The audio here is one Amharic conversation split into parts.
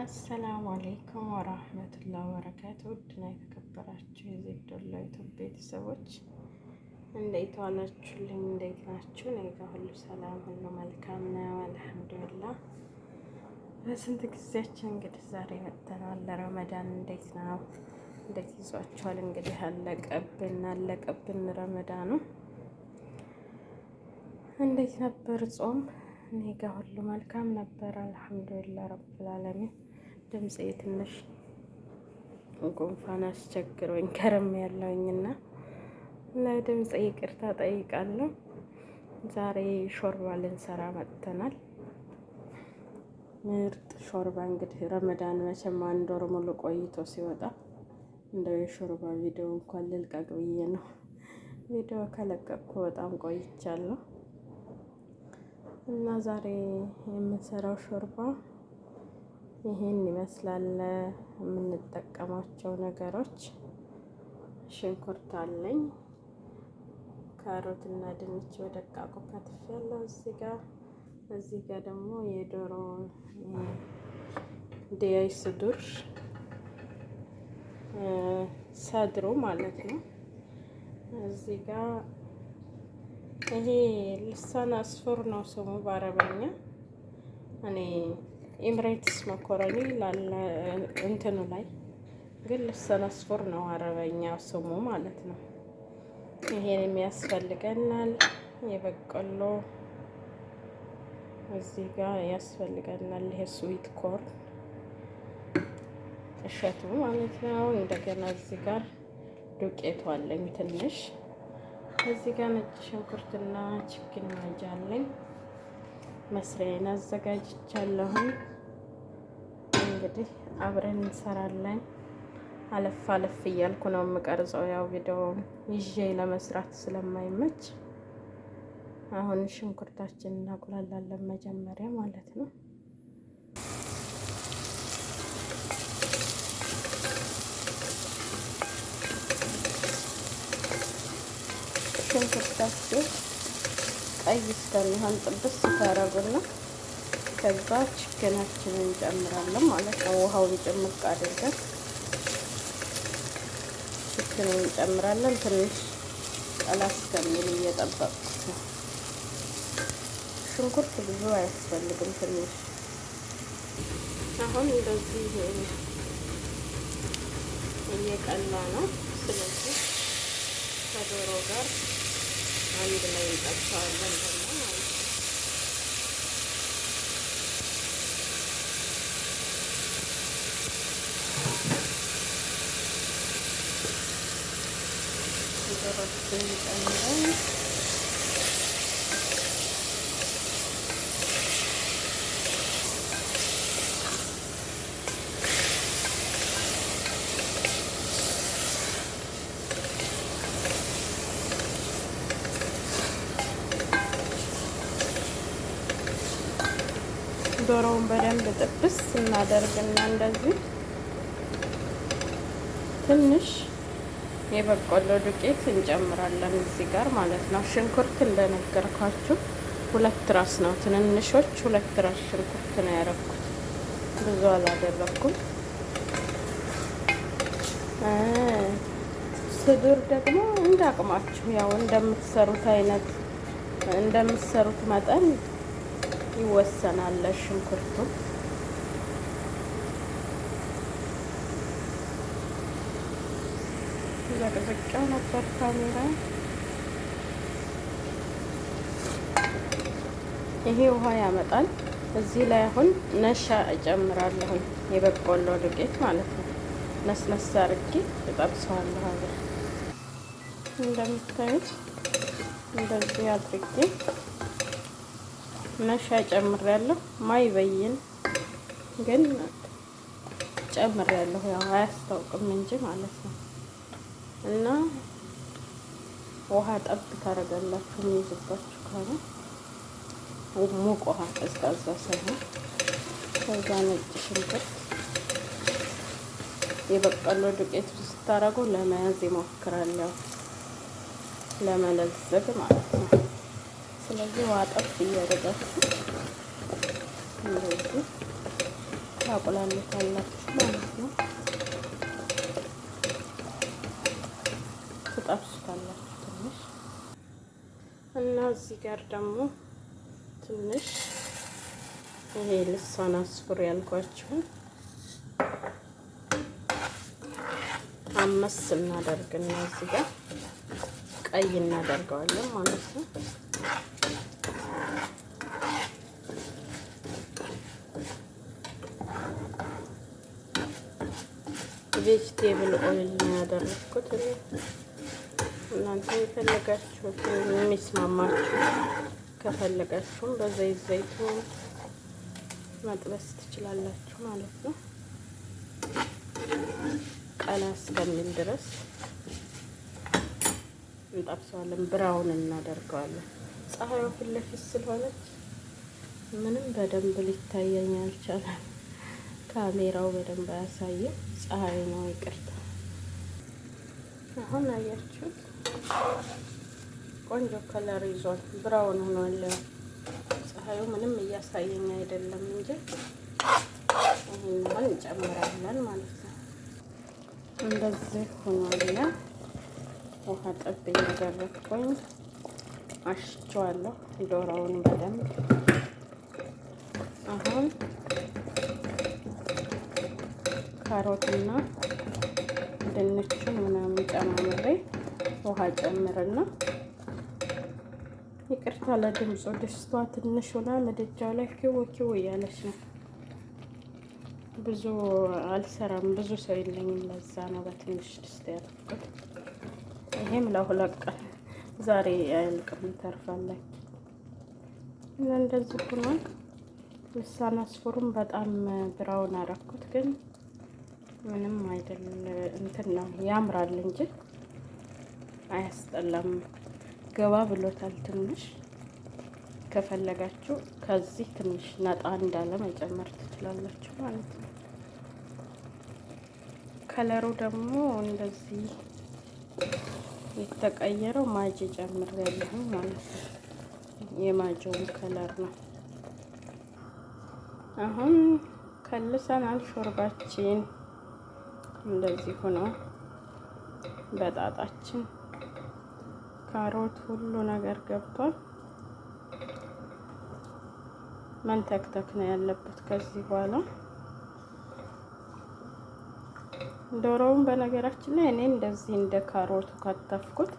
አሰላሙ አለይኩም ወራህመቱላ ወበረካቱ። ውድና የተከበራችሁ የዜዶላ ዩቱብ ቤተሰቦች እንዴት ዋላችሁልኝ? እንዴት ናችሁ? እኔ ጋ ሁሉ ሰላም፣ ሁሉ መልካም ነው አልሐምዱሊላ። በስንት ጊዜያችን እንግዲህ ዛሬ መጥተናል። ረመዳን እንዴት ነው? እንዴት ይዟችኋል? እንግዲህ አለቀብን አለቀብን ረመዳኑ። እንዴት ነበር ጾም? እኔ ጋ ሁሉ መልካም ነበር አልሐምዱሊላ ረብል አለሚን ድምፅ ትንሽ ጉንፋን አስቸግሮኝ ከረም ያለውኝና እና ድምጽ ይቅርታ ጠይቃለሁ። ዛሬ ሾርባ ልንሰራ መጥተናል። ምርጥ ሾርባ እንግዲህ ረመዳን መቼም አንድ ወር ሙሉ ቆይቶ ሲወጣ እንደው የሾርባ ቪዲዮ እንኳን ልልቀቅ ብዬ ነው። ቪዲዮ ከለቀቅኩ በጣም ቆይቻለሁ እና ዛሬ የምንሰራው ሾርባ ይህን ይመስላል የምንጠቀማቸው ነገሮች። ሽንኩርት አለኝ፣ ካሮት እና ድንች በደቃቁ ከትፌያለሁ እዚህ ጋር። እዚህ ጋር ደግሞ የዶሮ ዲያይ ስዱር ሰድሮ ማለት ነው። እዚህ ጋር ይሄ ልሳን አስፎር ነው ስሙ በአረበኛ እኔ ኤምሬትስ መኮረኒ እንትኑ ላይ ግን ልሰነስፎር ነው አረበኛ ስሙ ማለት ነው። ይሄን የሚያስፈልገናል የበቆሎ እዚህ ጋር ያስፈልገናል። ይሄ ስዊት ኮርን እሸቱ ማለት ነው። እንደገና እዚህ ጋር ዱቄቱ አለኝ ትንሽ። እዚህ ጋር ነጭ ሽንኩርትና ችግኝ ማጃ አለኝ። መስሪያ አዘጋጅቻለሁኝ። እንግዲህ አብረን እንሰራለን። አለፍ አለፍ እያልኩ ነው የምቀርጸው፣ ያው ቪዲዮ ይዤ ለመስራት ስለማይመች አሁን ሽንኩርታችን እናቁላላለን መጀመሪያ ማለት ነው። ሽንኩርታችን ቀይ እስከሚሆን ጥብስ ታረጉና ከዛ ችክናችንን እንጨምራለን ማለት ነው። ውሃውን ጭምቅ አድርገን ችክንን እንጨምራለን። ትንሽ ቀላ እስከሚል እየጠበቅኩት ነው። ሽንኩርት ብዙ አያስፈልግም። ትንሽ አሁን እንደዚህ እየቀላ ነው። ስለዚህ ከዶሮ ጋር አንድ ላይ እንጠብሰዋለን። ጨምረን ዶሮውን በደንብ ጥብስ እናደርግና እንደዚህ ትንሽ የበቆሎ ዱቄት እንጨምራለን እዚህ ጋር ማለት ነው። ሽንኩርት እንደነገርኳችሁ ሁለት ራስ ነው፣ ትንንሾች ሁለት ራስ ሽንኩርት ነው ያረኩት፣ ብዙ አላደረኩም። ስዱር ደግሞ አቅማችሁ ያው እንደምትሰሩት አይነት እንደምትሰሩት መጠን ይወሰናል ሽንኩርቱ አስቀምጨው ነበር ካሜራ። ይሄ ውሃ ያመጣል። እዚህ ላይ አሁን ነሻ እጨምራለሁ፣ የበቆሎ ዱቄት ማለት ነው። ነስነስ አድርጌ እጠብሰዋለሁ። አብረን እንደምታዩት እንደዚህ አድርጌ ነሻ ጨምሬያለሁ። ማይበይን ግን ጨምሬያለሁ፣ ያው አያስታውቅም እንጂ ማለት ነው። እና ውሃ ጠብ ታደርጋላችሁ። የሚይዝባችሁ ከሆነ ሙቅ ውሃ ቀዝቃዛ ሳይሆን፣ ከዛ ነጭ ሽንኩርት የበቀሎ ዱቄት ስታረጉ ለመያዝ ይሞክራለሁ፣ ለመለዘግ ማለት ነው። ስለዚህ ውሃ ጠብ እያደረጋችሁ እንደዚህ ታቁላለታላችሁ ማለት ነው። እዚህ ጋር ደግሞ ትንሽ ይሄ ልሳን አስፍር ያልኳችሁን አመስ እናደርግና እዚህ ጋር ቀይ እናደርገዋለን ማለት ነው። ቬጅቴብል ኦይል ነው ያደረግኩት። እናንተ የፈለጋችሁት የሚስማማችሁ ከፈለጋችሁም በዘይት ዘይቱ መጥበስ ትችላላችሁ ማለት ነው። ቀላ እስከሚል ድረስ እንጠብሰዋለን። ብራውን እናደርገዋለን። ፀሐዩ ፊት ለፊት ስለሆነች ምንም በደንብ ሊታየኝ አልቻለም። ካሜራው በደንብ አያሳየም። ፀሐይ ነው ይቅርታ። አሁን አያችሁት። ቆንጆ ከለር ይዟል። ብራውን ሆኗል። ፀሐዩ ምንም እያሳየኝ አይደለም እንጂ ይህን እንጨምራለን ማለት ነው። እንደዚህ ሆኗል። ውሃ ጠብ እያደረግኩኝ አሽቸዋለሁ ዶሮውን በደንብ አሁን ካሮትና ድንቹን ምናምን ጨማምሬ ውሃ ጨምርና ይቅርታ ለድምፁ ድስቷ ትንሽ ሆና ምድጃው ላይ ኪው ኪው እያለች ነው። ብዙ አልሰራም፣ ብዙ ሰው የለኝም። ለዛ ነው በትንሽ ድስት ያደረኩት። ይሄም ለሁለት ዛሬ አያልቅም፣ ተርፋለች እና እንደዚህ ሆኗል። ልሳን አስፎሩም በጣም ብራውን አረኩት፣ ግን ምንም አይደል እንትን ነው ያምራል እንጂ አያስጠላም። ገባ ብሎታል ትንሽ። ከፈለጋችሁ ከዚህ ትንሽ ነጣ እንዳለ መጨመር ትችላላችሁ ማለት ነው። ከለሩ ደግሞ እንደዚህ የተቀየረው ማጅ ጨምር ያለሁ ማለት ነው። የማጀውን ከለር ነው። አሁን ከልሰናል ሾርባችን እንደዚህ ሆኖ በጣጣችን ካሮት፣ ሁሉ ነገር ገብቷል። መንተክተክ ነው ያለበት ከዚህ በኋላ ዶሮውን በነገራችን ላይ እኔ እንደዚህ እንደ ካሮቱ ከተፍኩት።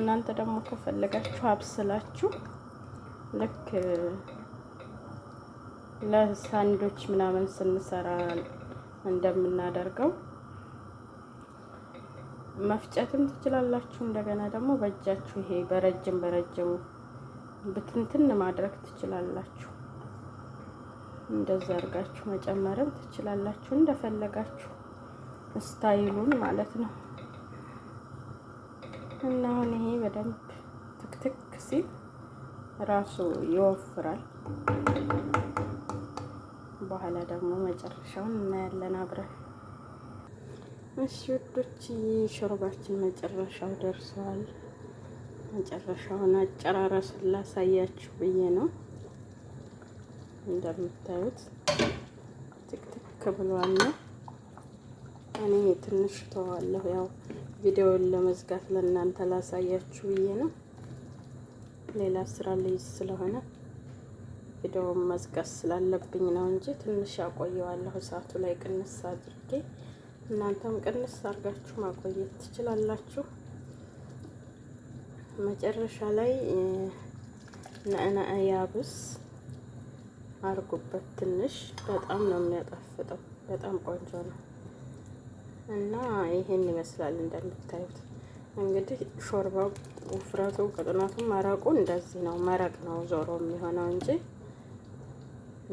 እናንተ ደግሞ ከፈለጋችሁ አብስላችሁ ልክ ለሳንዶች ምናምን ስንሰራ እንደምናደርገው መፍጨትም ትችላላችሁ። እንደገና ደግሞ በእጃችሁ ይሄ በረጅም በረጅሙ ብትንትን ማድረግ ትችላላችሁ። እንደዛ አድርጋችሁ መጨመርም ትችላላችሁ፣ እንደፈለጋችሁ ስታይሉን ማለት ነው። እና አሁን ይሄ በደንብ ትክትክ ሲል ራሱ ይወፍራል። በኋላ ደግሞ መጨረሻውን እናያለን አብረን እሺ ውዶች ሾርባችን መጨረሻው ደርሰዋል። መጨረሻውን አጨራረሱን ላሳያችሁ ብዬ ነው። እንደምታዩት ትክትክ ብሏል ነው። እኔ ትንሽ ተዋለሁ፣ ያው ቪዲዮውን ለመዝጋት ለእናንተ ላሳያችሁ ብዬ ነው። ሌላ ስራ ልይዝ ስለሆነ ቪዲዮውን መዝጋት ስላለብኝ ነው እንጂ ትንሽ ያቆየዋለሁ እሳቱ ላይ ቅንስ አድርጌ እናንተም ቅንስ አድርጋችሁ ማቆየት ትችላላችሁ። መጨረሻ ላይ ነአና ያብስ አርጉበት ትንሽ። በጣም ነው የሚያጣፍጠው። በጣም ቆንጆ ነው እና ይሄን ይመስላል እንደምታዩት። እንግዲህ ሾርባ ውፍረቱ፣ ቅጥነቱ፣ መረቁ እንደዚህ ነው። መረቅ ነው ዞሮ የሚሆነው እንጂ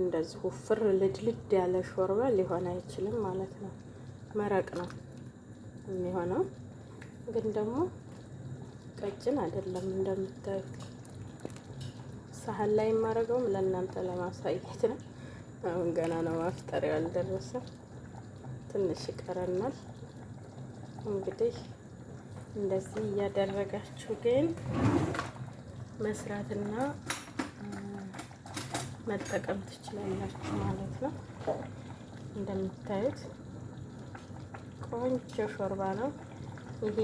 እንደዚህ ውፍር ልድልድ ያለ ሾርባ ሊሆን አይችልም ማለት ነው። መረቅ ነው የሚሆነው። ግን ደግሞ ቀጭን አይደለም እንደምታዩ። ሳህን ላይ የማደርገውም ለእናንተ ለማሳየት ነው። አሁን ገና ነው ማፍጠሪያው ያልደረሰ፣ ትንሽ ይቀረናል። እንግዲህ እንደዚህ እያደረጋችሁ ግን መስራትና መጠቀም ትችላላችሁ ማለት ነው እንደምታዩት ቆንጆ ሾርባ ነው። ይሄ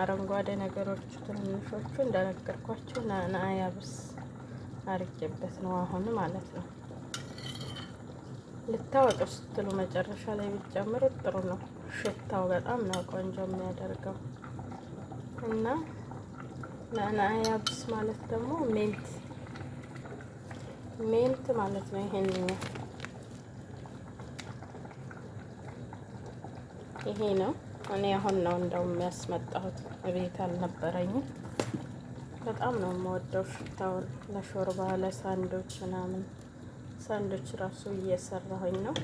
አረንጓዴ ነገሮቹ ትንንሾቹ እንደነገርኳችሁ ናአያብስ አርጌበት ነው አሁን ማለት ነው። ልታወቅ ስትሉ መጨረሻ ላይ ቢጨምሩት ጥሩ ነው። ሽታው በጣም ነው ቆንጆ የሚያደርገው እና ናአያብስ ማለት ደግሞ ሜንት ሜንት ማለት ነው ይሄን ይሄ ነው። እኔ አሁን ነው እንደው የሚያስመጣሁት ቤት አልነበረኝም። በጣም ነው የምወደው ሽታውን ለሾርባ፣ ለሳንዶች ምናምን ሳንዶች ራሱ እየሰራሁኝ ነው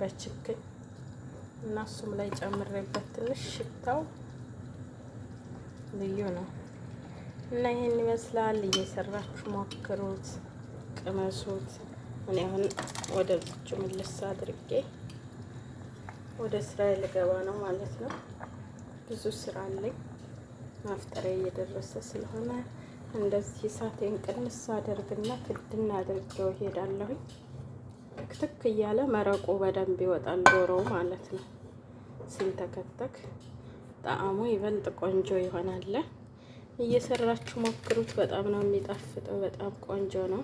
በችክን እና እሱም ላይ ጨምሬበት ትንሽ ሽታው ልዩ ነው እና ይሄን ይመስላል። እየሰራችሁ ሞክሩት፣ ቅመሱት። እኔ አሁን ወደ ዝቹ ምልስ አድርጌ ወደ ስራ ገባ ነው ማለት ነው። ብዙ ስራ አለኝ። ማፍጠሪያ እየደረሰ ስለሆነ እንደዚህ ሳቴን ቅንስ አደርግና ክድና አድርገው ሄዳለሁ ትክትክ እያለ መረቁ በደንብ ይወጣል ዶሮው ማለት ነው። ሲንተከተክ ጣዕሙ ይበልጥ ቆንጆ ይሆናል። እየሰራችሁ ሞክሩት። በጣም ነው የሚጣፍጠው። በጣም ቆንጆ ነው።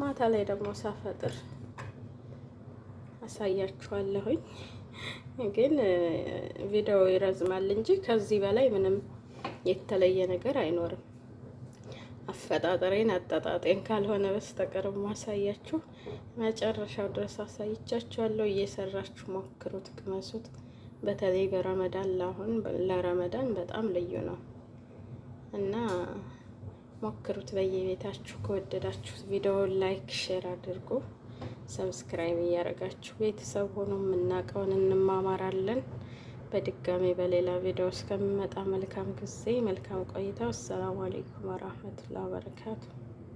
ማታ ላይ ደግሞ ሳፈጥር አሳያችኋለሁኝ። ግን ቪዲዮ ይረዝማል እንጂ ከዚህ በላይ ምንም የተለየ ነገር አይኖርም። አፈጣጠሬን አጣጣጤን ካልሆነ በስተቀር ማሳያችሁ መጨረሻው ድረስ አሳይቻችኋለሁ። እየሰራችሁ ሞክሩት፣ ቅመሱት። በተለይ በረመዳን ለአሁን ለረመዳን በጣም ልዩ ነው እና ሞክሩት በየቤታችሁ። ከወደዳችሁት ቪዲዮውን ላይክ፣ ሼር አድርጉ። ሰብስክራይብ እያደረጋችሁ ቤተሰብ ሆኖ የምናውቀውን እንማማራለን። በድጋሚ በሌላ ቪዲዮ እስከምመጣ መልካም ጊዜ፣ መልካም ቆይታ። አሰላሙ አሌይኩም ወራህመቱላሂ ወበረካቱ።